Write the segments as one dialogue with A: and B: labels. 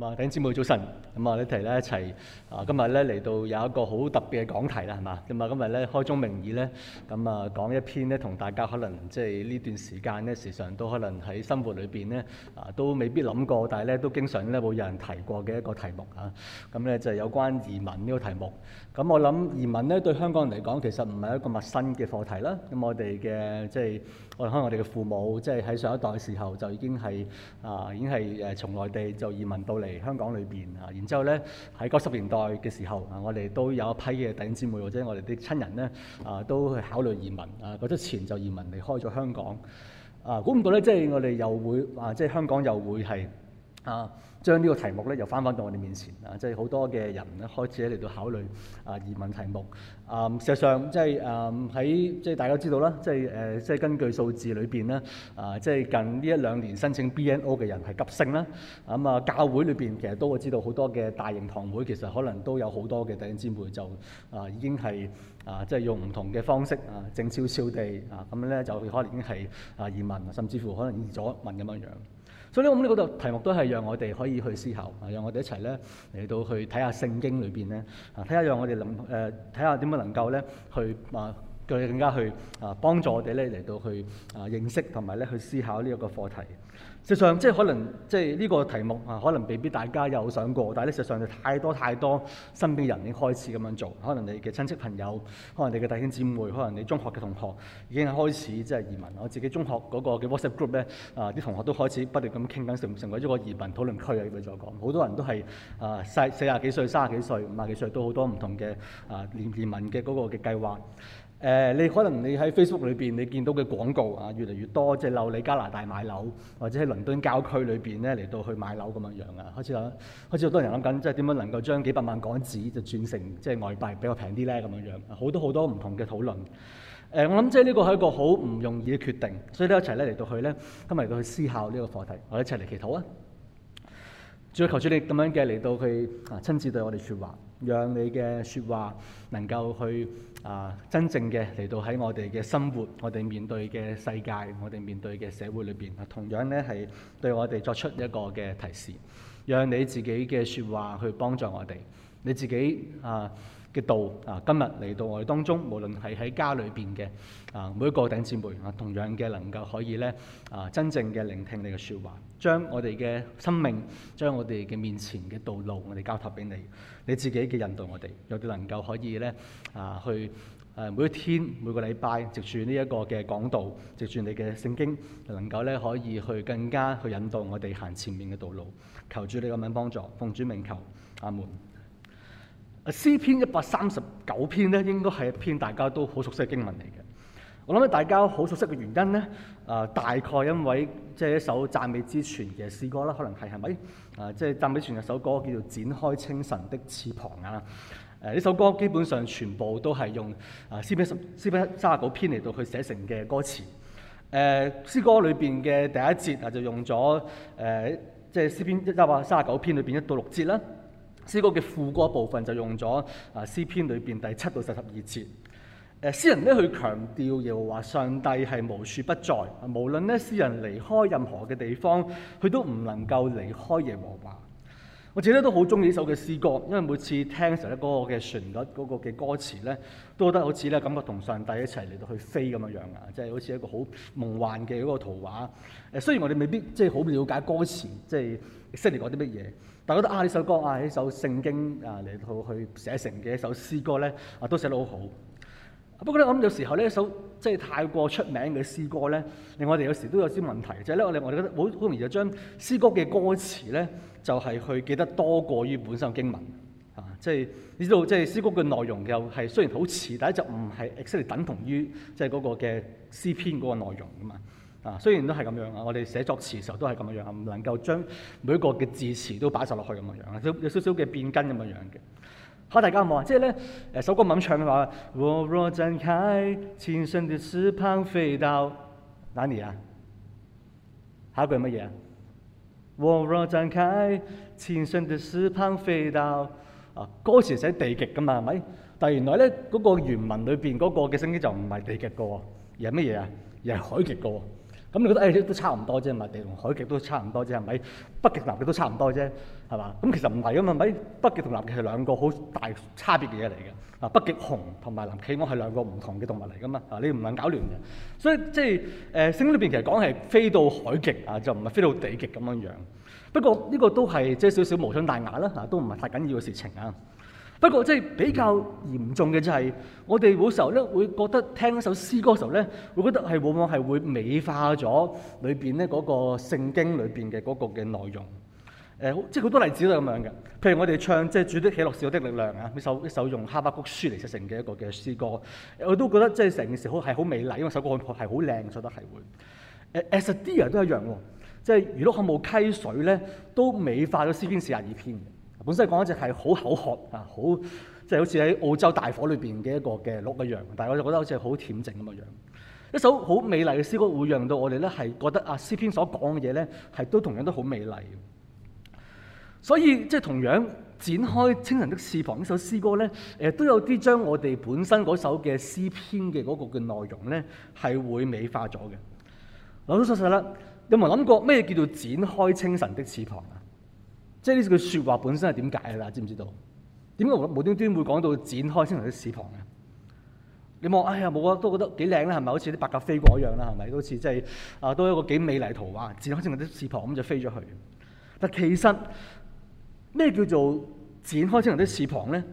A: 啊，頂姊妹早晨，咁啊，呢題咧一齊啊，今日咧嚟到有一個好特別嘅講題啦，係嘛？咁啊，今日咧開宗明義咧，咁、嗯、啊，講一篇咧，同大家可能即係呢段時間咧，時常都可能喺生活裏邊咧啊，都未必諗過，但係咧都經常咧會有人提過嘅一個題目啊。咁、嗯、咧就係、是、有關移民呢個題目。咁、嗯、我諗移民咧對香港人嚟講，其實唔係一個陌生嘅課題啦。咁、嗯、我哋嘅即係我哋可能我哋嘅父母，即係喺上一代時候就已經係啊，已經係誒從內地就移民到嚟香港裏邊啊，然之後呢，喺九十年代嘅時候啊，我哋都有一批嘅弟兄姊妹或者我哋啲親人呢，啊，都去考慮移民啊，之前就移民離開咗香港啊，估唔到呢，即係我哋又會啊，即係香港又會係啊。將呢個題目咧又翻返到我哋面前啊，即係好多嘅人咧開始咧嚟到考慮啊移民題目啊、嗯，事實上即係啊喺即係大家知道啦，即係誒即係根據數字裏邊咧啊，即係近呢一兩年申請 BNO 嘅人係急升啦。咁、嗯、啊，教會裏邊其實都我知道好多嘅大型堂會，其實可能都有好多嘅弟兄姊妹就啊已經係啊即係用唔同嘅方式正少少啊靜悄悄地啊咁咧就可能已經係啊移民，甚至乎可能移咗民咁樣樣。所以我哋嗰度題目都係讓我哋可以去思考，啊，讓我哋一齊咧嚟到去睇下聖經裏邊咧，啊，睇下讓我哋能誒睇下點樣能夠咧去啊，更更加去啊幫助我哋咧嚟到去啊認識同埋咧去思考呢一個課題。實際上即係可能即係呢個題目啊，可能未必大家有想過，但係呢實際上就太多太多身邊人已經開始咁樣做。可能你嘅親戚朋友，可能你嘅弟兄姊妹，可能你中學嘅同學已經開始即係移民。我自己中學嗰個嘅 WhatsApp group 咧，啊啲同學都開始不斷咁傾緊，成成為咗個移民討論區啊！我再講，好多人都係啊細四十幾歲、三十幾歲、五十幾歲都好多唔同嘅啊移移民嘅嗰個嘅計劃。誒、呃，你可能你喺 Facebook 裏邊，你見到嘅廣告啊，越嚟越多，即係留你加拿大買樓，或者喺倫敦郊區裏邊咧嚟到去買樓咁樣樣啊，開始諗，開始好多人諗緊，即係點樣能夠將幾百萬港紙就轉成即係外幣比較平啲咧咁樣樣，好多好多唔同嘅討論。誒、呃，我諗即係呢個係一個好唔容易嘅決定，所以咧一齊咧嚟到去咧，今日嚟到去思考呢個課題，我哋一齊嚟祈禱啊！主要求主你咁樣嘅嚟到去啊，親自對我哋説話。讓你嘅説話能夠去啊，真正嘅嚟到喺我哋嘅生活，我哋面對嘅世界，我哋面對嘅社會裏邊啊，同樣咧係對我哋作出一個嘅提示，讓你自己嘅説話去幫助我哋，你自己啊嘅道啊，今日嚟到我哋當中，無論係喺家裏邊嘅啊，每一個弟兄姊妹啊，同樣嘅能夠可以咧啊真正嘅聆聽你嘅説話，將我哋嘅生命，將我哋嘅面前嘅道路，我哋交託俾你，你自己嘅引導我哋，有啲能夠可以咧啊去誒、啊、每一天每個禮拜，藉住呢一個嘅講道，藉住你嘅聖經，能夠咧可以去更加去引導我哋行前面嘅道路，求主你咁樣幫助，奉主名，求，阿門。啊，詩篇一百三十九篇咧，應該係一篇大家都好熟悉嘅經文嚟嘅。我諗大家好熟悉嘅原因咧，啊、呃，大概因為即係一首讚美之泉嘅詩歌啦，可能係係咪啊？即係、呃就是、讚美泉一首歌叫做《展開清晨的翅膀》啊！誒、呃，呢首歌基本上全部都係用啊詩篇十、詩篇三十九篇嚟到去寫成嘅歌詞。誒、呃，詩歌裏邊嘅第一節啊，就用咗誒，即係詩篇一一百三十九篇裏邊一到六節啦。詩歌嘅副歌部分就用咗啊詩篇裏邊第七到十二節。誒詩人咧去強調耶和華上帝係無處不在，無論咧詩人離開任何嘅地方，佢都唔能夠離開耶和華。我自己都好中意呢首嘅詩歌，因為每次聽嘅時候咧，嗰個嘅旋律、嗰個嘅歌詞咧，都覺得好似咧感覺同上帝一齊嚟到去飛咁嘅樣啊，即係好似一個好夢幻嘅嗰個圖畫。誒，雖然我哋未必即係好瞭解歌詞，即係識嚟講啲乜嘢，但係覺得啊呢首歌啊呢首聖經啊嚟到去寫成嘅一首詩歌咧，啊都寫得好好。不過咧，我諗有時候呢一首即係太過出名嘅詩歌咧，令我哋有時都有啲問題，就係咧我哋我哋覺得好好容易就將詩歌嘅歌詞咧。就係去記得多過於本身經文啊！即係呢度即係詩歌嘅內容又係雖然好似，但係就唔係 exactly 等同於即係嗰個嘅詩篇嗰個內容噶嘛啊！雖然都係咁樣啊，我哋寫作詞嘅時候都係咁樣，唔、啊、能夠將每一個嘅字詞都擺晒落去咁嘅樣，有、啊、有少少嘅變更咁嘅樣嘅。好、啊，大家有冇啊？即係咧誒首歌咁唱嘅話， 我若展開，清晨的翅膀飛到，哪裏啊？下一句係乜嘢啊？我若展開，清晨的翅膀飛到。啊，歌詞寫地極㗎嘛，係咪？但原來呢，嗰、那個原文裏邊嗰個嘅聲音就唔係地極個，而係乜嘢啊？而係海極個。咁、嗯、你覺得誒、哎、都差唔多啫？咪地同海極都差唔多啫，係咪？北極南極都差唔多啫，係嘛？咁、嗯、其實唔係噶嘛，咪北極同南極係兩個好大差別嘅嘢嚟嘅。啊，北極熊同埋南企鵝係兩個唔同嘅動物嚟噶嘛，啊，你唔能搞亂嘅。所以即係誒聖經裏邊其實講係飛到海極啊，就唔係飛到地極咁樣樣。不過呢個都係即係少少無傷大雅啦、啊，啊，都唔係太緊要嘅事情啊。不過，即係比較嚴重嘅就係，我哋有時候咧會覺得聽一首詩歌嘅時候咧，會覺得係往往係會美化咗裏邊咧嗰個聖經裏邊嘅嗰個嘅內容。誒、呃，即係好多例子都係咁樣嘅。譬如我哋唱即係《主的喜樂是我的力量》啊，呢首一首用哈巴谷書嚟寫成嘅一個嘅詩歌、呃，我都覺得即係成件事好係好美麗，因為首歌係好靚，覺得係會誒。其實啲人都一樣喎、哦，即係如鹿渴慕溪水咧，都美化咗詩篇四十二篇。本身講一隻係好口渴啊，就是、好即係好似喺澳洲大火裏邊嘅一個嘅鹿一樣。但係我就覺得好似好恬靜咁嘅樣。一首好美麗嘅詩歌，會讓到我哋咧係覺得啊，詩篇所講嘅嘢咧係都同樣都好美麗。所以即係、就是、同樣展開清晨的翅膀首詩呢首詩歌咧，誒都有啲將我哋本身嗰首嘅詩篇嘅嗰個嘅內容咧係會美化咗嘅。老老實實啦，有冇諗過咩叫做展開清晨的翅膀啊？即係呢句説話本身係點解嘅啦？知唔知道？點解無無端端會講到展開清晨的翅膀嘅？你望，哎呀，冇啊，都覺得幾靚啦，係咪？好似啲白鴿飛過一樣啦，係咪？都好似即係啊，都有一個幾美麗圖畫，展開清晨的翅膀咁就飛咗去。但其實咩叫做展開清晨的翅膀咧？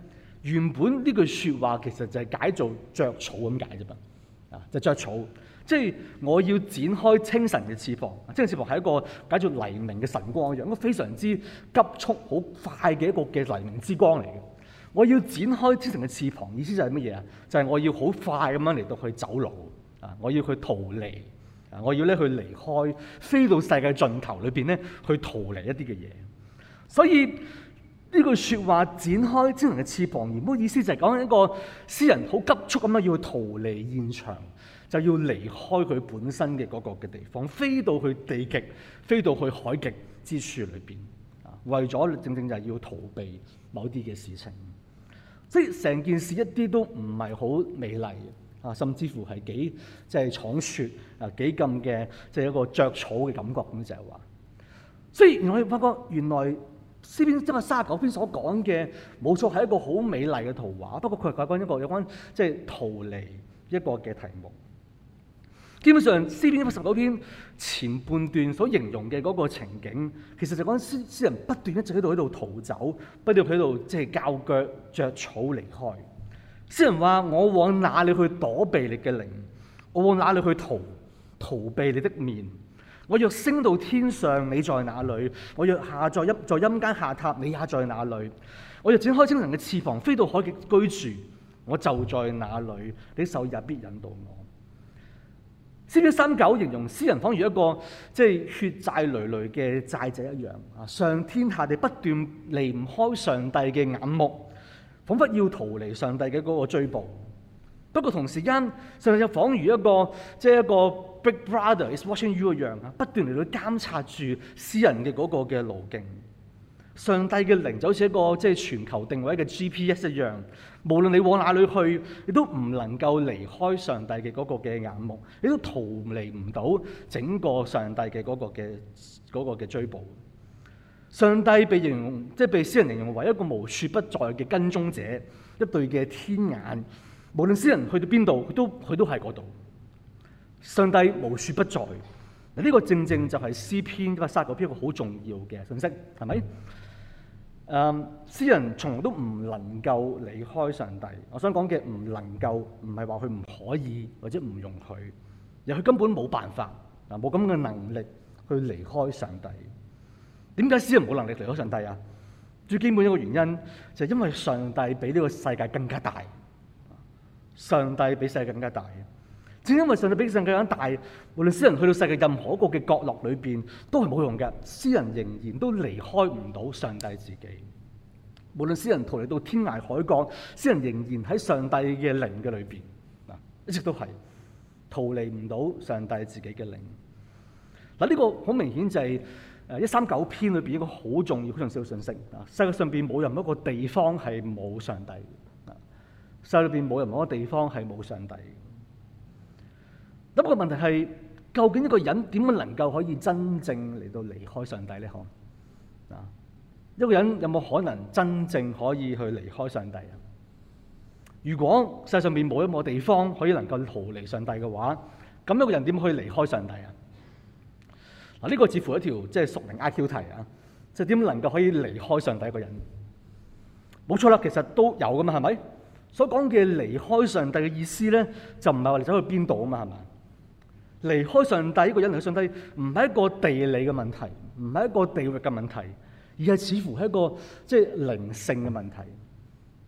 A: 原本呢句説話其實就係解做著草咁解啫嘛，啊，就是、著草。即係我要展開清晨嘅翅膀，清晨翅膀係一個解作黎明嘅神光一樣，一個非常之急速、好快嘅一個嘅黎明之光嚟嘅。我要展開清晨嘅翅膀，意思就係乜嘢啊？就係、是、我要好快咁樣嚟到去走路，啊！我要去逃離啊！我要咧去離開，飛到世界盡頭裏邊咧去逃離一啲嘅嘢。所以呢句説話展開清晨嘅翅膀，而唔好意思就係講一個詩人好急速咁樣要去逃離現場。就要離開佢本身嘅嗰個嘅地方，飛到去地極，飛到去海極之處裏邊，啊，為咗正正就係要逃避某啲嘅事情，即係成件事一啲都唔係好美麗啊，甚至乎係幾即係、就是、闖禍啊，幾咁嘅即係一個着草嘅感覺咁就係、是、話，即係我哋發覺原來詩篇即係卅九篇所講嘅冇錯係一個好美麗嘅圖畫，不過佢係講緊一個有關即係、就是、逃離一個嘅題目。基本上《詩篇》一百三十九篇前半段所形容嘅嗰個情景，其實就講詩詩人不斷一直喺度喺度逃走，不斷喺度即係膠腳着草離開。詩人話：我往哪裏去躲避你嘅靈？我往哪裏去逃逃避你的面？我若升到天上，你在哪裏？我若下在陰在陰間下榻，你也在哪裏？我若展開清晨嘅翅膀，飛到海極居住，我就在那裏。你手也必引導我。詩篇139形容詩人仿如一個即係、就是、血債累累嘅債仔一樣啊，上天下地不斷離唔開上帝嘅眼目，彷彿要逃離上帝嘅嗰個追捕。不過同時間，上帝就仿如一個即係、就是、一個 Big Brother is watching you 一樣啊，不斷嚟到監察住詩人嘅嗰個嘅路徑。上帝嘅靈就好似一個即係全球定位嘅 GPS 一樣，無論你往哪裏去，你都唔能夠離開上帝嘅嗰個嘅眼目，你都逃離唔到整個上帝嘅嗰個嘅嗰個嘅追捕。上帝被形容即係、就是、被詩人形容為一個無處不在嘅跟蹤者，一對嘅天眼，無論詩人去到邊度，佢都佢都喺嗰度。上帝無處不在，嗱、這、呢個正正就係詩篇嗰個撒篇一個好重要嘅信息，係咪？誒，um, 詩人從來都唔能夠離開上帝。我想講嘅唔能夠，唔係話佢唔可以或者唔容許，而佢根本冇辦法嗱，冇咁嘅能力去離開上帝。點解詩人冇能力離開上帝啊？最基本一個原因就係因為上帝比呢個世界更加大，上帝比世界更加大。正因為上帝比世界更大，無論詩人去到世界任何一個嘅角落裏邊，都係冇用嘅。詩人仍然都離開唔到上帝自己。無論詩人逃離到天涯海角，詩人仍然喺上帝嘅靈嘅裏邊啊，一直都係逃離唔到上帝自己嘅靈。嗱，呢個好明顯就係誒一三九篇裏邊一個好重要、好重要嘅信息啊！世界上邊冇任何一個地方係冇上帝嘅啊！世界裏邊冇任何一個地方係冇上帝嘅。咁個問題係，究竟一個人點樣能夠可以真正嚟到離開上帝呢？嗬，啊，一個人有冇可能真正可以去離開上帝啊？如果世上面冇一個地方可以能夠逃離上帝嘅話，咁、那、一個人點可以離開上帝啊？嗱，呢個似乎一條即係熟齡 I Q 題啊，即係點樣能夠可以離開上帝一個人？冇錯啦，其實都有㗎嘛，係咪？所講嘅離開上帝嘅意思咧，就唔係話你走去邊度啊嘛，係嘛？離開上帝，一個人離開上帝唔係一個地理嘅問題，唔係一個地域嘅問題，而係似乎係一個即係靈性嘅問題。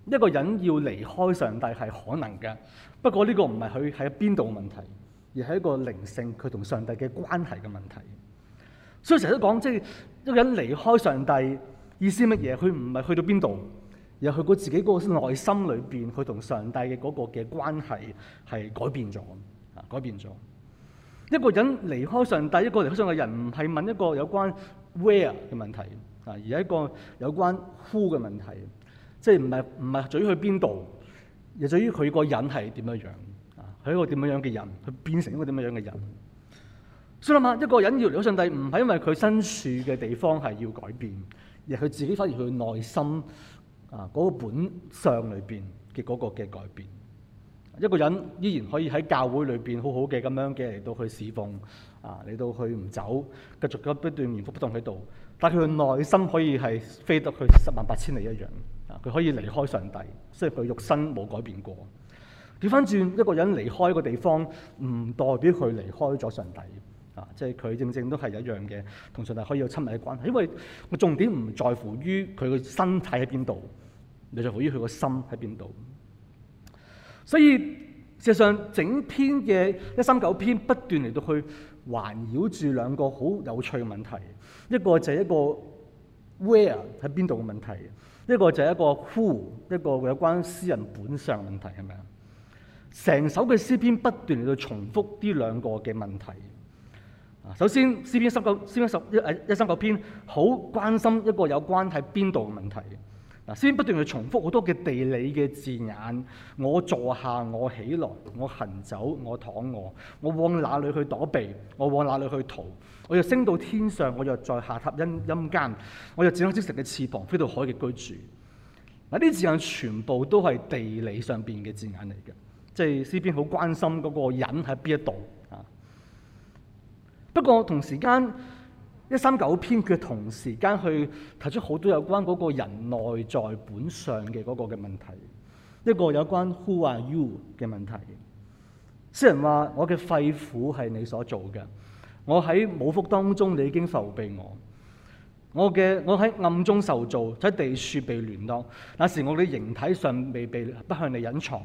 A: 一個人要離開上帝係可能嘅，不過呢個唔係佢喺邊度嘅問題，而係一個靈性佢同上帝嘅關係嘅問題。所以成日都講，即係一個人離開上帝意思乜嘢？佢唔係去到邊度，而係佢自己嗰個內心裏邊，佢同上帝嘅嗰個嘅關係係改變咗，啊，改變咗。一個人離開上帝，一個離開上帝嘅人，唔係問一個有關 where 嘅問題啊，而係一個有關 who 嘅問題，即係唔係唔係在於去邊度，而在於佢個人係點樣樣啊，佢一個點樣樣嘅人，佢變成一個點樣樣嘅人。算喇嘛，一個人要離開上帝，唔係因為佢身處嘅地方係要改變，而佢自己發現佢內心啊嗰個本相裏邊嘅嗰個嘅改變。一個人依然可以喺教會裏邊好好嘅咁樣嘅嚟到去侍奉，啊嚟到去唔走，繼續咁不斷延續不斷喺度。但係佢嘅內心可以係飛得去十萬八千里一樣。啊，佢可以離開上帝，雖然佢肉身冇改變過。調翻轉，一個人離開一個地方，唔代表佢離開咗上帝。啊，即係佢正正都係一樣嘅，同上帝可以有親密嘅關係。因為重點唔在乎於佢個身體喺邊度，你在乎於佢個心喺邊度。所以，事實上整篇嘅一三九篇不斷嚟到去環繞住兩個好有趣嘅問題，一個就係一個 where 喺邊度嘅問題，一個就係一個 who 一個有關私人本相問題，係咪啊？成首嘅詩篇不斷嚟到重複啲兩個嘅問題。啊，首先詩篇一三九詩篇十一一三九篇好關心一個有關喺邊度嘅問題。嗱，先不斷去重複好多嘅地理嘅字眼。我坐下，我起來，我行走，我躺卧，我往哪裏去躲避？我往哪裏去逃？我若升到天上，我若再下榻陰陰間，我若展開清晨嘅翅膀飛到海嘅居住。嗱，呢字眼全部都係地理上邊嘅字眼嚟嘅，即係詩篇好關心嗰個人喺邊一度啊。不過同時間，一三九篇嘅同時間去提出好多有關嗰個人內在本相嘅嗰個嘅問題，一個有關 Who are you 嘅問題。詩人話：我嘅肺腑係你所做嘅，我喺母腹當中，你已經覆庇我。我嘅我喺暗中受造，喺地樹被聯絡，但是我嘅形體尚未被不向你隱藏。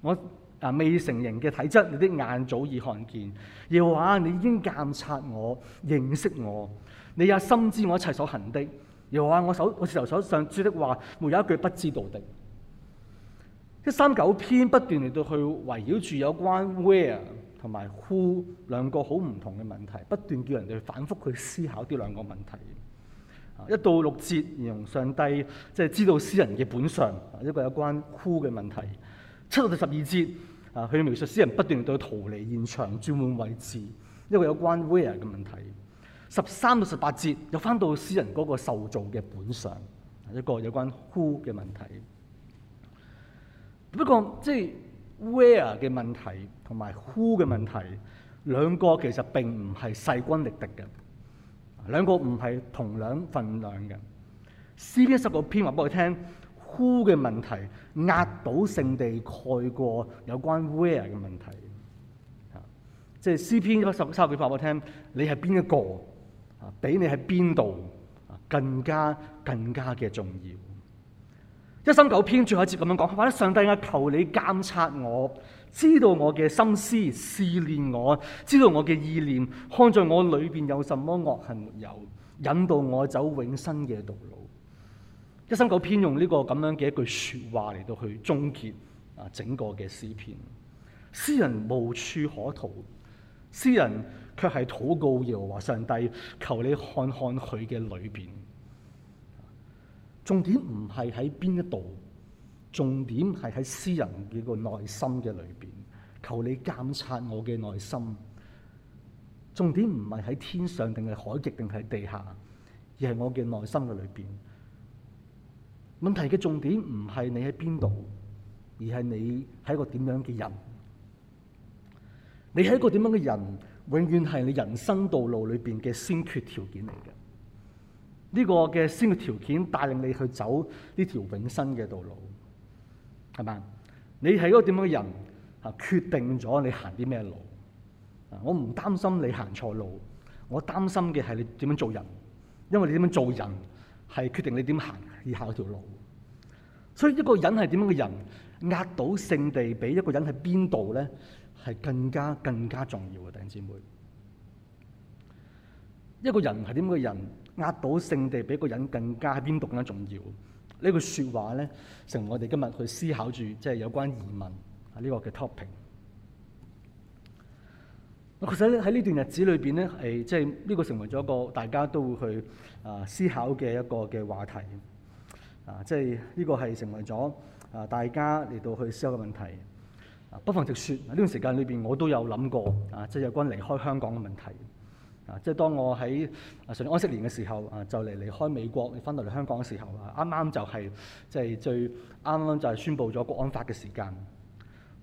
A: 我啊，未成形嘅體質，你啲眼早已看見；又話你已經監察我、認識我，你也深知我一切所行的。又話我手我舌頭上説的話，沒有一句不知道的。一三九篇不斷嚟到去圍繞住有關 where 同埋 who 兩個好唔同嘅問題，不斷叫人哋去反覆去思考呢兩個問題。一到六節形容上帝即係、就是、知道詩人嘅本相，一個有關 who 嘅問題。七到第十二節。啊！佢描述詩人不斷對佢逃離現場、轉換位置，一個有關 where 嘅問題。十三到十八節又翻到詩人嗰個受造嘅本相，一個有關 who 嘅問題。不過，即、就、係、是、where 嘅問題同埋 who 嘅問題，嗯、兩個其實並唔係勢均力敵嘅，兩個唔係同樣份量嘅。詩篇十個篇話畀我聽。who 嘅問題壓倒性地蓋過有關 where 嘅問題，即係詩篇一百三十九篇話我聽，你係邊一個啊？比你喺邊度啊更加更加嘅重要。一三九篇最後一節咁樣講，哇！上帝啊，求你監察我，知道我嘅心思，試煉我，知道我嘅意念，看在我裏邊有什麼惡行沒有，引導我走永生嘅道路。一三九篇用呢個咁樣嘅一句說話嚟，到去終結啊，整個嘅詩篇。詩人無處可逃，詩人卻係禱告耶和華上帝，求你看看佢嘅裏邊。重點唔係喺邊一度，重點係喺詩人嘅個內心嘅裏邊，求你監察我嘅內心。重點唔係喺天上，定係海極，定係地下，而係我嘅內心嘅裏邊。問題嘅重點唔係你喺邊度，而係你係一個點樣嘅人。你係一個點樣嘅人，永遠係你人生道路裏邊嘅先決條件嚟嘅。呢個嘅先決條件帶領你去走呢條永生嘅道路，係咪？你係一個點樣嘅人啊？決定咗你行啲咩路啊？我唔擔心你行錯路，我擔心嘅係你點樣做人，因為你點樣做人。係決定你點行以下嗰條路，所以一個人係點樣嘅人，壓倒性地比一個人喺邊度咧，係更加更加重要嘅。弟兄姊妹，一個人係點樣嘅人，壓倒性地比一個人更加喺邊度更加重要。這個、說呢句説話咧，成我哋今日去思考住，即、就、係、是、有關移民，啊呢個嘅 topic。其實喺呢段日子裏邊咧，係即係呢個成為咗一個大家都會去啊思考嘅一個嘅話題，啊即係呢個係成為咗啊大家嚟到去思考嘅問題。不妨直説，呢段時間裏邊我都有諗過啊，即係有關離開香港嘅問題。啊，即係、啊就是啊就是、當我喺上安息年嘅時候啊，就嚟離開美國，翻到嚟香港嘅時候啊，啱啱就係即係最啱啱就係宣布咗國安法嘅時間。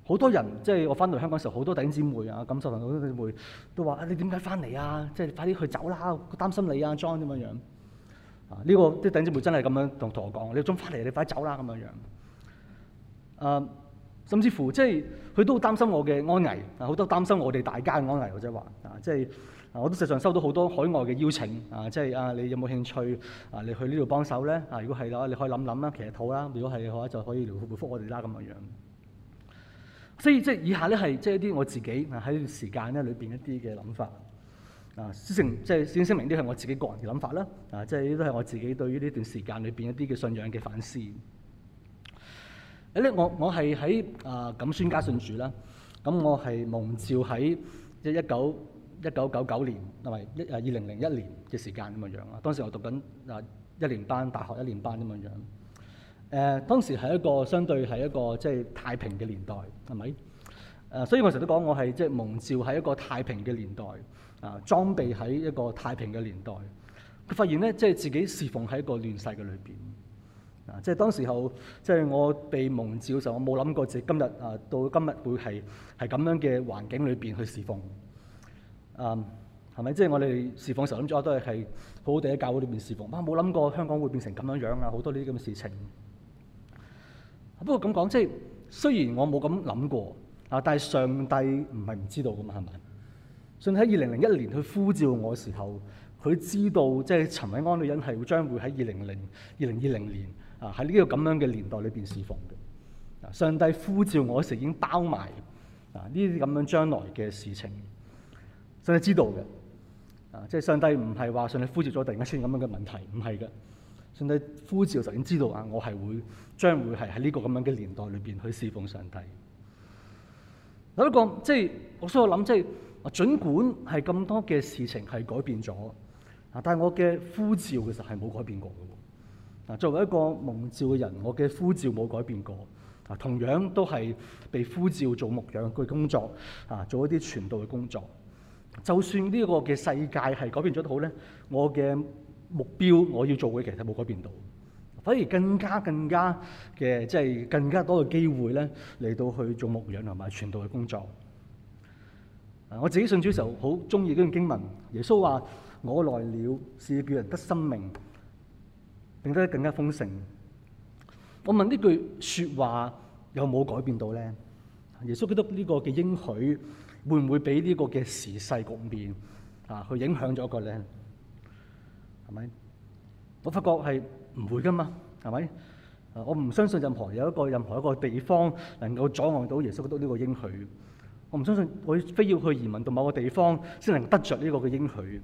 A: 好多人即係我翻到香港嘅時候，好多頂姊妹啊、感受層嗰啲姊妹都話：啊，你點解翻嚟啊？即係快啲去走啦！擔心你啊，莊咁樣樣啊？呢、這個啲頂姊妹真係咁樣同同我講：你仲翻嚟，你快啲走啦！咁樣樣啊，甚至乎即係佢都好擔心我嘅安危啊，好多擔心我哋大家嘅安危，或者話啊，即係我都實際上收到好多海外嘅邀請啊，即係啊，你有冇興趣啊嚟去幫呢度幫手咧？啊，如果係嘅話，你可以諗諗啦，其騎土啦。如果係嘅話，就可以回覆我哋啦，咁樣樣。所以即係、就是、以下咧係即係一啲我自己啊喺呢段時間咧裏邊一啲嘅諗法啊，先成即係先聲明啲係我自己個人嘅諗法啦，啊，即係都係我自己對於呢段時間裏邊一啲嘅信仰嘅反思。誒、啊、咧，我我係喺啊咁宣家信主啦，咁我係蒙召喺一一九一九九九年同埋一誒二零零一年嘅時間咁嘅樣啦，當時我讀緊啊一年班大學一年班咁嘅樣樣。誒、呃、當時係一個相對係一個即係太平嘅年代，係咪？誒、呃，所以我成日都講，我係即係蒙召喺一個太平嘅年代，啊、呃，裝備喺一個太平嘅年代。佢發現咧，即係自己侍奉喺一個亂世嘅裏邊，啊、呃，即係當時候，即係我被蒙召嘅時候，我冇諗過自己今日啊、呃、到今日會係係咁樣嘅環境裏邊去侍奉，啊、呃，係咪？即係我哋侍奉嘅時候諗咗都係係好好地喺教會裏邊侍奉，冇諗過香港會變成咁樣樣啊，好多呢啲咁嘅事情。不過咁講，即係雖然我冇咁諗過啊，但係上帝唔係唔知道噶嘛，係咪？上帝喺二零零一年佢呼召我嘅時候，佢知道即係陳韋安女人係會將會喺二零零二零二零年啊喺呢個咁樣嘅年代裏邊侍奉嘅。啊，上帝呼召我嗰時已經包埋啊呢啲咁樣將來嘅事情，上帝知道嘅。啊，即係上帝唔係話上帝呼召咗突然間出現咁樣嘅問題，唔係嘅。上帝呼召，我就已經知道啊！我係會將會係喺呢個咁樣嘅年代裏邊去侍奉上帝。有一個即係，就是、所以我想我諗即係，儘管係咁多嘅事情係改變咗啊，但係我嘅呼召其實係冇改變過㗎喎。作為一個蒙召嘅人，我嘅呼召冇改變過啊，同樣都係被呼召做牧養嘅工作啊，做一啲傳道嘅工作。就算呢個嘅世界係改變咗都好咧，我嘅。目標我要做嘅其實冇改變到，反而更加更加嘅即係更加多嘅機會咧，嚟到去做牧養同埋傳道嘅工作。我自己信主嘅時候好中意嗰段經文，耶穌話：我來了是叫人得生命，並且更加豐盛。我問呢句説話有冇改變到咧？耶穌基督呢個嘅應許會唔會俾呢個嘅時勢局面啊去影響咗一個咧？係咪？我發覺係唔會噶嘛，係咪？我唔相信任何有一個任何一個地方能夠阻礙到耶穌基督呢個應許。我唔相信我非要去移民到某個地方先能得着呢個嘅應許。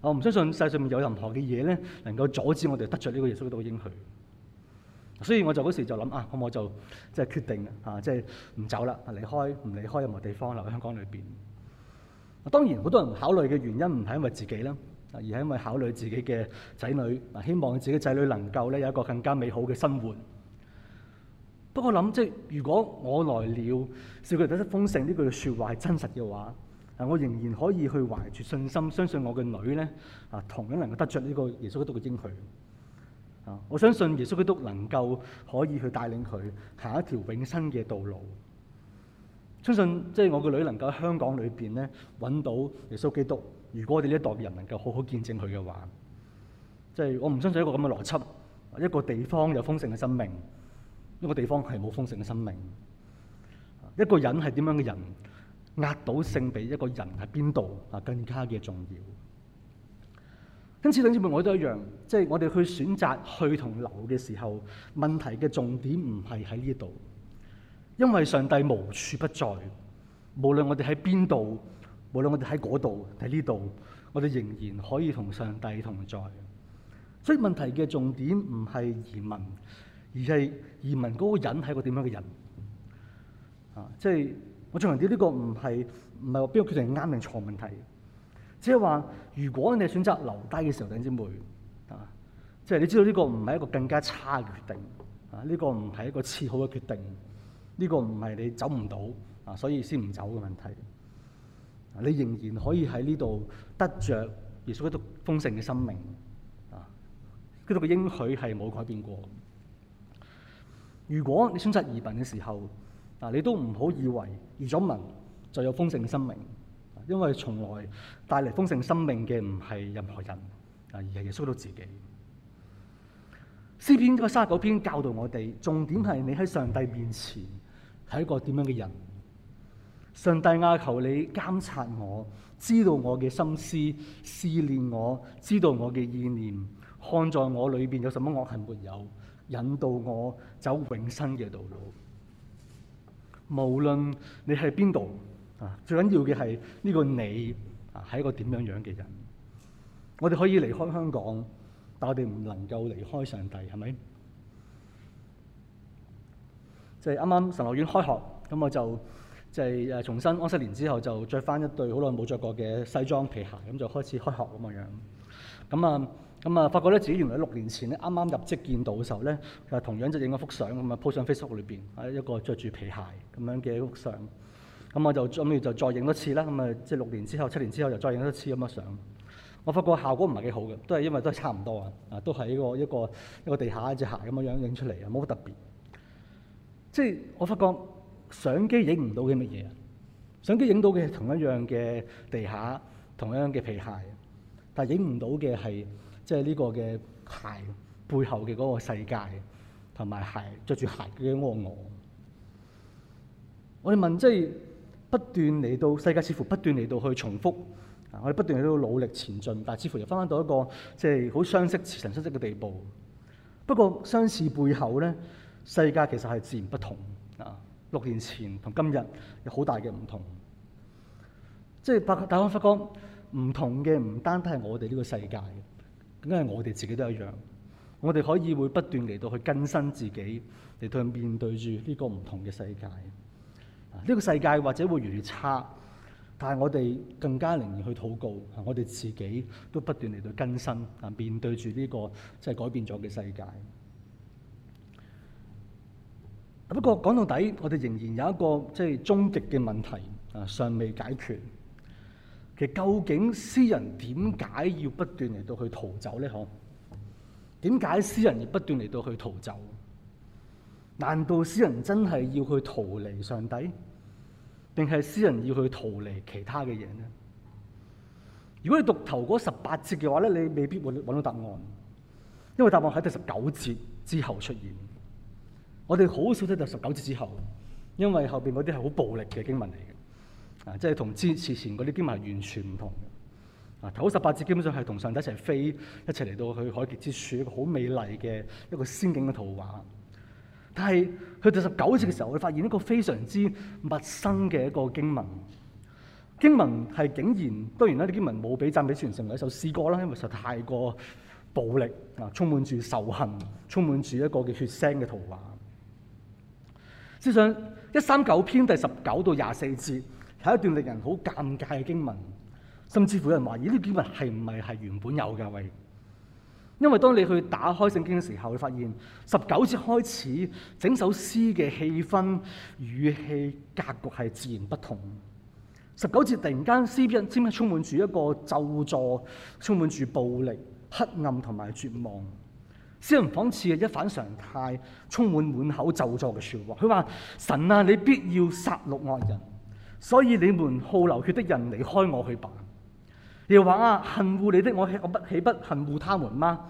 A: 我唔相信世上面有任何嘅嘢咧，能夠阻止我哋得着呢個耶穌基督嘅應許。所以我就嗰時就諗啊，咁我就即係決定啊，即係唔走啦，離開唔離開任何地方，留喺香港裏邊。當然好多人考慮嘅原因唔係因為自己啦。而係因為考慮自己嘅仔女，希望自己仔女能夠咧有一個更加美好嘅生活。不過諗即係如果我來了，叫佢得得豐盛呢句説話係真實嘅話，我仍然可以去懷住信心，相信我嘅女咧，同樣能夠得著呢個耶穌基督嘅應許。我相信耶穌基督能夠可以去帶領佢行一條永生嘅道路。相信即係我嘅女能夠喺香港裏邊咧揾到耶穌基督。如果我哋呢一代人能夠好好見證佢嘅話，即係我唔相信一個咁嘅邏輯，一個地方有豐盛嘅生命，一個地方係冇豐盛嘅生命。一個人係點樣嘅人，壓倒性比一個人喺邊度啊更加嘅重要。跟住兩姊妹我都一樣，即係我哋去選擇去同留嘅時候，問題嘅重點唔係喺呢度，因為上帝無處不在，無論我哋喺邊度。無論我哋喺嗰度，喺呢度，我哋仍然可以同上帝同在。所以問題嘅重點唔係移民，而係移民嗰個人係個點樣嘅人啊！即係我進行啲呢個唔係唔係話邊個決定啱定錯問題，只係話如果你選擇留低嘅時候，弟兄姊妹啊，即係你知道呢個唔係一個更加差嘅決定啊，呢個唔係一個次好嘅決定，呢個唔係，啊，呢個唔係你走唔到啊，所以先唔走嘅問題。你仍然可以喺呢度得着耶穌基督豐盛嘅生命，啊，度嘅應許係冇改變過。如果你選擇移民嘅時候，嗱，你都唔好以為移咗民就有豐盛嘅生命，因為從來帶嚟豐盛生命嘅唔係任何人，啊，而係耶穌基督自己。詩篇嗰三十九篇教導我哋，重點係你喺上帝面前係一個點樣嘅人。上帝啊、啊、求你監察我，知道我嘅心思，試煉我，知道我嘅意念，看在我裏邊有什麼惡行沒有，引導我走永生嘅道路。無論你喺邊度，啊，最緊要嘅係呢個你啊係一個點樣樣嘅人。我哋可以離開香港，但我哋唔能夠離開上帝，係咪？即係啱啱神學院開學，咁我就。就係誒重新安息年之後，就著翻一對好耐冇着過嘅西裝皮鞋，咁就開始開學咁嘅樣。咁啊，咁啊，發覺咧自己原來六年前咧啱啱入職見到嘅時候咧，就同樣就影咗幅相咁啊鋪上 Facebook 裏邊，一個着住皮鞋咁樣嘅一幅相。咁我就諗住就再影多次啦。咁啊，即係六年之後、七年之後就再影多次咁嘅相。我發覺效果唔係幾好嘅，都係因為都係差唔多啊。啊，都係呢個一個，一個，一，個一個地下一隻鞋咁嘅樣影出嚟，啊，冇乜特別。即係我發覺。相機影唔到嘅乜嘢啊？相機影到嘅係同一樣嘅地下，同一樣嘅皮鞋，但係影唔到嘅係即係呢個嘅鞋背後嘅嗰個世界，同埋鞋着住鞋嘅嗰個我。我哋問，即係不斷嚟到世界，似乎不斷嚟到去重複。我哋不斷喺度努力前進，但係似乎又翻返到一個即係好相識、似曾相識嘅地步。不過相似背後咧，世界其實係自然不同。六年前同今日有好大嘅唔同，即係大家我發覺唔同嘅唔單單係我哋呢個世界，更加係我哋自己都一樣。我哋可以會不斷嚟到去更新自己，嚟到去面對住呢個唔同嘅世界。呢個世界或者會越嚟越差，但係我哋更加寧願去禱告，我哋自己都不斷嚟到更新啊，面對住呢個即係改變咗嘅世界。不過講到底，我哋仍然有一個即係終極嘅問題啊，尚未解決。其實究竟詩人點解要不斷嚟到去逃走咧？可點解詩人亦不斷嚟到去逃走？難道詩人真係要去逃離上帝，定係詩人要去逃離其他嘅嘢咧？如果你讀頭嗰十八節嘅話咧，你未必會搵到答案，因為答案喺第十九節之後出現。我哋好少睇到十九節之後，因為後邊嗰啲係好暴力嘅經文嚟嘅，啊，即係同之前嗰啲經文係完全唔同嘅。啊，頭十八節基本上係同上帝一齊飛，一齊嚟到去海極之處，好美麗嘅一個仙境嘅圖畫。但係去到十九節嘅時候，嗯、我哋發現一個非常之陌生嘅一個經文。經文係竟然當然啦，啲經文冇俾讚美傳承成為一首詩歌啦，因為實在太過暴力啊，充滿住仇恨，充滿住一個嘅血腥嘅圖畫。思想一三九篇第十九到廿四節係一段令人好尷尬嘅經文，甚至乎有人懷疑呢段經文係唔係係原本有㗎喎，因為當你去打開聖經嘅時候，你發現十九節開始整首詩嘅氣氛、語氣、格局係自然不同。十九節突然間詩篇先充滿住一個咒詛，充滿住暴力、黑暗同埋絕望。詩人仿似係一反常態，充滿滿口咒詛嘅説話。佢話：神啊，你必要殺戮惡人，所以你們好流血的人離開我去吧。又話啊，恨惡你的我，我不豈不恨惡他們嗎？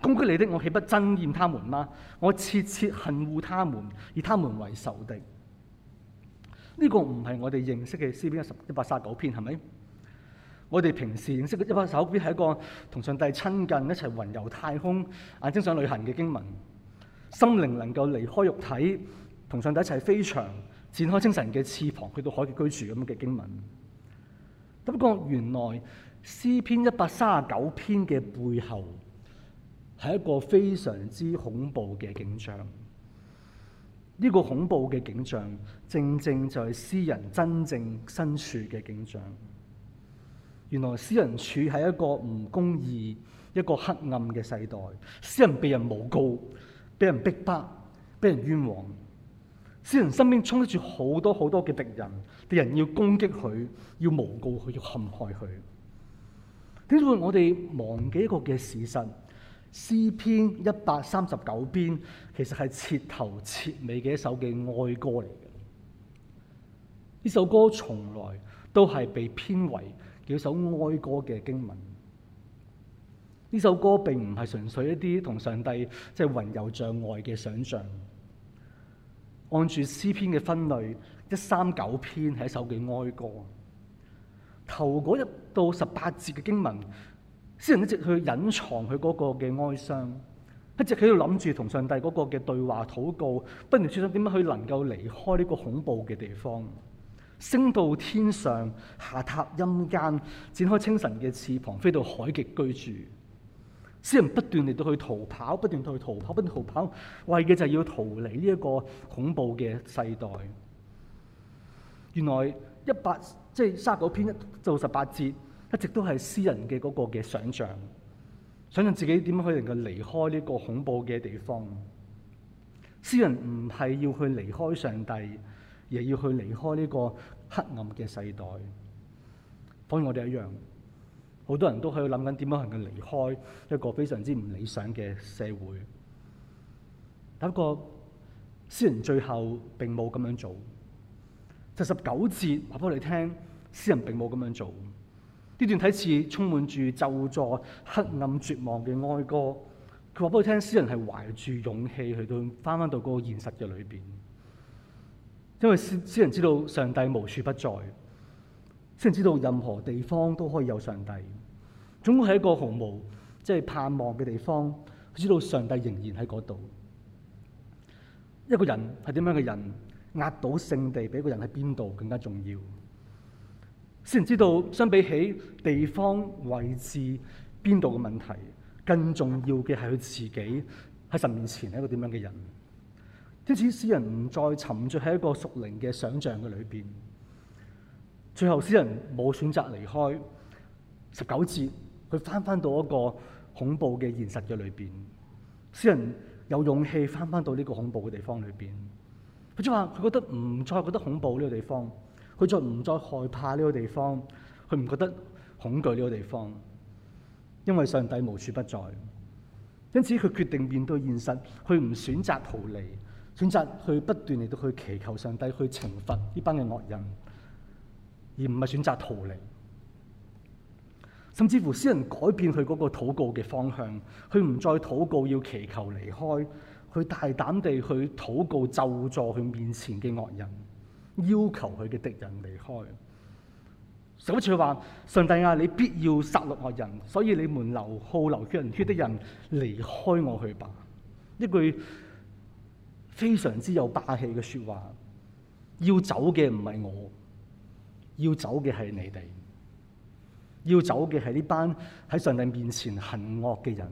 A: 攻擊你的我，豈不憎厭他們嗎？我切切恨惡他們，以他們為仇敵。呢個唔係我哋認識嘅詩篇一十一百三十九篇，係咪？我哋平時認識嘅一把手錶，係一個同上帝親近、一齊雲遊太空、眼睛想旅行嘅經文；心靈能夠離開肉體，同上帝一齊飛翔，展開清晨嘅翅膀，去到海極居住咁嘅經文。不過，原來詩篇一百三十九篇嘅背後係一個非常之恐怖嘅景象。呢、這個恐怖嘅景象，正正就係詩人真正身處嘅景象。原來詩人處喺一個唔公義、一個黑暗嘅世代。詩人被人誣告，俾人逼迫，俾人冤枉。詩人身邊充斥住好多好多嘅敵人，敵人要攻擊佢，要誣告佢，要陷害佢。點解我哋忘記一個嘅事實？詩篇一百三十九篇其實係徹頭徹尾嘅一首嘅哀歌嚟嘅。呢首歌從來都係被編為一首哀歌嘅經文，呢首歌並唔係純粹一啲同上帝即係雲遊在外嘅想象。按住詩篇嘅分類，一三九篇係一首嘅哀歌。頭嗰一到十八節嘅經文，詩人一直去隱藏佢嗰個嘅哀傷，一直喺度諗住同上帝嗰個嘅對話禱告，不斷想點樣去能夠離開呢個恐怖嘅地方。升到天上，下榻陰間，展開清晨嘅翅膀，飛到海極居住。詩人不斷嚟到去逃跑，不斷去逃跑，不斷逃跑，為嘅就係要逃離呢一個恐怖嘅世代。原來一百，即係卅九篇一到十八節，一直都係詩人嘅嗰個嘅想象，想象自己點樣去能夠離開呢個恐怖嘅地方。詩人唔係要去離開上帝。亦要去離開呢個黑暗嘅世代，好似我哋一樣，好多人都喺度諗緊點樣去離開一個非常之唔理想嘅社會。但不過，詩人最後並冇咁樣做。就十九節，話俾我哋聽，詩人並冇咁樣做。呢段睇似充滿住咒詛、黑暗、絕望嘅哀歌，佢話俾我哋聽，詩人係懷住勇氣去到翻翻到嗰個現實嘅裏邊。因為詩人知道上帝無處不在，詩人知道任何地方都可以有上帝。總會係一個毫無即係、就是、盼望嘅地方，佢知道上帝仍然喺嗰度。一個人係點樣嘅人，壓倒性地比一個人喺邊度更加重要。詩人知道，相比起地方位置邊度嘅問題，更重要嘅係佢自己喺十年前係一個點樣嘅人。因此，詩人唔再沉醉喺一個屬靈嘅想象嘅裏邊。最後，詩人冇選擇離開。十九節，佢返返到一個恐怖嘅現實嘅裏邊。詩人有勇氣返返到呢個恐怖嘅地方裏邊。佢就係話，佢覺得唔再覺得恐怖呢個地方，佢再唔再害怕呢個地方，佢唔覺得恐懼呢個地方，因為上帝無處不在。因此，佢決定面對現實，佢唔選擇逃離。選擇去不斷嚟到去祈求上帝去懲罰呢班嘅惡人，而唔係選擇逃離。甚至乎詩人改變佢嗰個禱告嘅方向，佢唔再禱告要祈求離開，佢大膽地去禱告咒詛佢面前嘅惡人，要求佢嘅敵人離開。就好似話上帝啊，你必要殺戮惡人，所以你們流號流血人血的人離開我去吧。一句。非常之有霸氣嘅說話，要走嘅唔係我，要走嘅係你哋，要走嘅係呢班喺上帝面前行惡嘅人，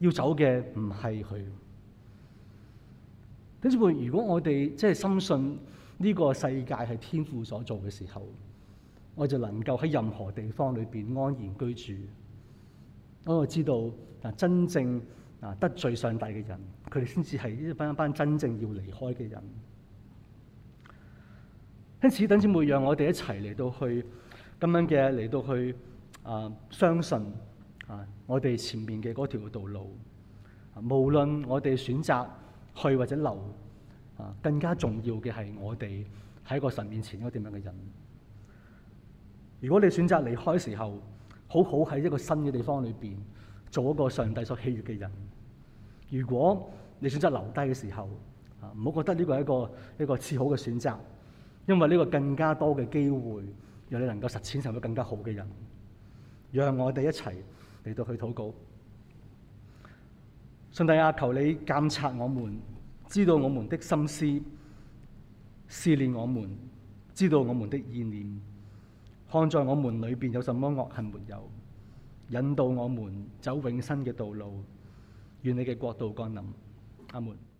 A: 要走嘅唔係佢。弟兄們，如果我哋即係深信呢個世界係天父所做嘅時候，我就能夠喺任何地方裏邊安然居住。我知道嗱，真正。啊！得罪上帝嘅人，佢哋先至係呢一班一班真正要離開嘅人。因此，等此，等先會讓我哋一齊嚟到去咁樣嘅，嚟到去啊，相信啊，我哋前面嘅嗰條道路。啊，無論我哋選擇去或者留啊，更加重要嘅係我哋喺個神面前一個點樣嘅人。如果你選擇離開時候，好好喺一個新嘅地方裏邊做一個上帝所喜悅嘅人。如果你選擇留低嘅時候，唔好覺得呢個係一個一個次好嘅選擇，因為呢個更加多嘅機會，讓你能夠實踐成為更加好嘅人。讓我哋一齊嚟到去禱告，上帝啊，求你監察我們，知道我們的心思，試煉我們，知道我們的意念，看在我們裏邊有什麼惡行沒有，引導我們走永生嘅道路。願你嘅國度降臨，阿門。